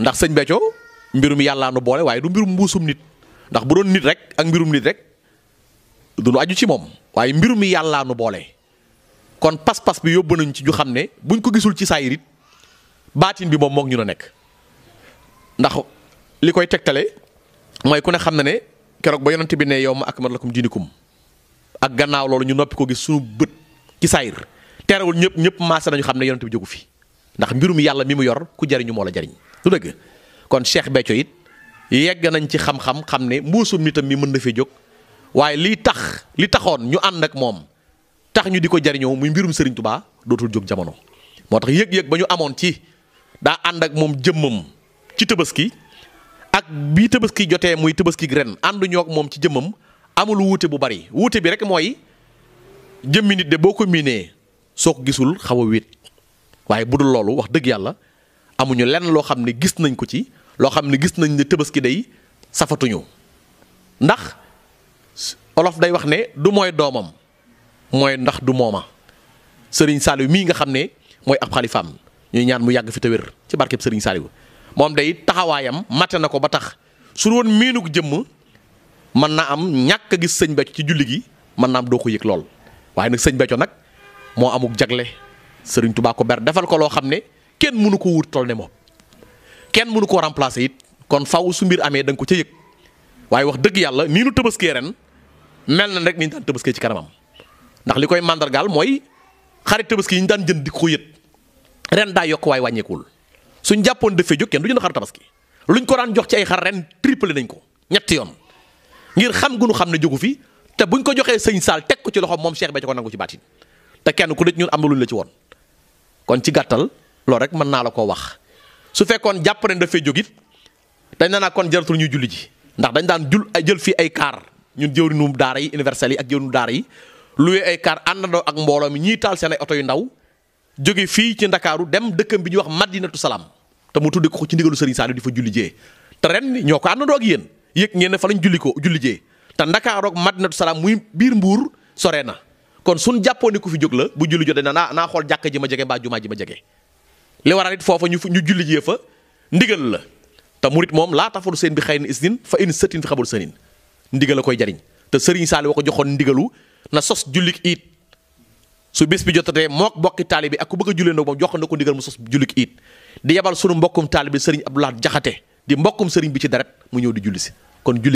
ndax sëñ Béthio mbirum yàllaa nu boole waaye du mbirum mbuusum nit ndax bu doon nit rek ak mbirum nit rek du nu aju ci moom waaye mbirum yàllaa nu boole. kon pas-pas bi yóbbu nañ ci ñu xam ne buñ ko gisul ci saa yirit bi moom moog ñu na nekk ndax li koy tegtale mooy ku ne xam na ne keroog ba yonent bi ne yow ma akmal lakum diinikum ak gannaaw loolu ñu noppi ko gis suñu bët ci saayir terewul ñëpp ñëpp maase nañu xam ne yonent bi jógu fi ndax mbirum yàlla mi mu yor ku jariñu moo la jariñ du dëgg kon Cheikh Béthio it yegg nañ ci xam-xam xam ne mbuusum nitam mi mën na fi jóg waaye liy tax li taxoon ñu ànd ak moom tax ñu di ko jariñoo muy mbirum Serigne Touba dootul jóg jamono. moo tax yëg-yëg ba ñu amoon ci daa ànd ak moom jëmmam ci tabaski ak bii tabaski jotee muy tabaski ren ànduñoo ak moom ci jëmmam amul wuute bu bari wuute bi rek mooy jëmmi nit de boo ko miinee soo ko gisul xawa a waaye bu dul loolu wax dëgg yàlla. amuñu lenn loo xam ne gis nañ ko ci loo xam ne gis nañ ne Tabaski day safatuñu ndax olof day wax ne du mooy doomam mooy ndax du mooma sëriñ Saliou mii nga xam ne mooy ab xalifaam ñuy ñaan mu yàgg fi te ci barkeb sëriñ Saliou moom day taxawaayam mate na ko ba tax su woon miinug jëmm mën naa am ñàkk a gis sëñ Béthio ci julli gi mën naa am doo ko yëg lool waaye nag sëñ Béthio nag moo amuk jagle sëriñ tubaaku ko ber defal ko loo xam ne kenn munu ko wurtal tol ne mom kenn munu ko remplacer it kon faw su mbir amé dang ko ci yek waaye wax deug yalla ni nu tëbaskee ren mel na rek ni tan daan ci karamam ndax likoy mandargal moy xarit tëbaski yi jënd ko ren da yok way wàññeekuwul suñ jàppoon defee jóg kenn du xar tabaski luñ ko ran jox ci ay xar ren triple nañ ko ñetti yoon ngir xam gu nu xam na jogu fi te buñ ko joxee sëñ sal tek ko ci loxom mom Cheikh ci ko nangu ci batine te kenn ku nit ñun am na la ci won kon ci gattal Lorek rek man na la ko wax su fekkon japp ne fe jogit dañ na kon jaratul ñu julli ji ndax dañ daan jul ay jël fi ay dari ñun jëwrinu daara yi universel yi ak jëwrinu daara yi luwee ay car àndandoo ak mbolo mi ñi tal seen ay auto yu ndaw jogi fi ci dakaru dem dëkkam bi ñu wax madinatu salam te mu tuddi ko ci ndigalu serigne sallu di fa julli je te ren ñoo ko àndandoo ak yeen yek ngeen fa lañ julli ko julli je te dakaru ak madinatu salam muy bir mbur sorena kon sun jappone ku fi jóg la bu julli jot na naa xol xool ji ma jege ba juma ji ma li waral it foofa ñu ñu julli jee fa ndigal la te murit moom laa tafaru seen bi xëy na is isnin fa indi sëtin fi xabul sënin ndigal la koy jariñ te sëriñ Saali wa ko joxoon ndigalu na sos jullik iit su bis bi jotatee mook bokki taali bi ak ku bëgg a jullee nag moom jox na ko ndigal mu sos jullik iit di yebal sunu mbokkum taali bi sëriñ laa Jaxate di mbokkum sëriñ bi ci deret mu ñëw di julli si kon julli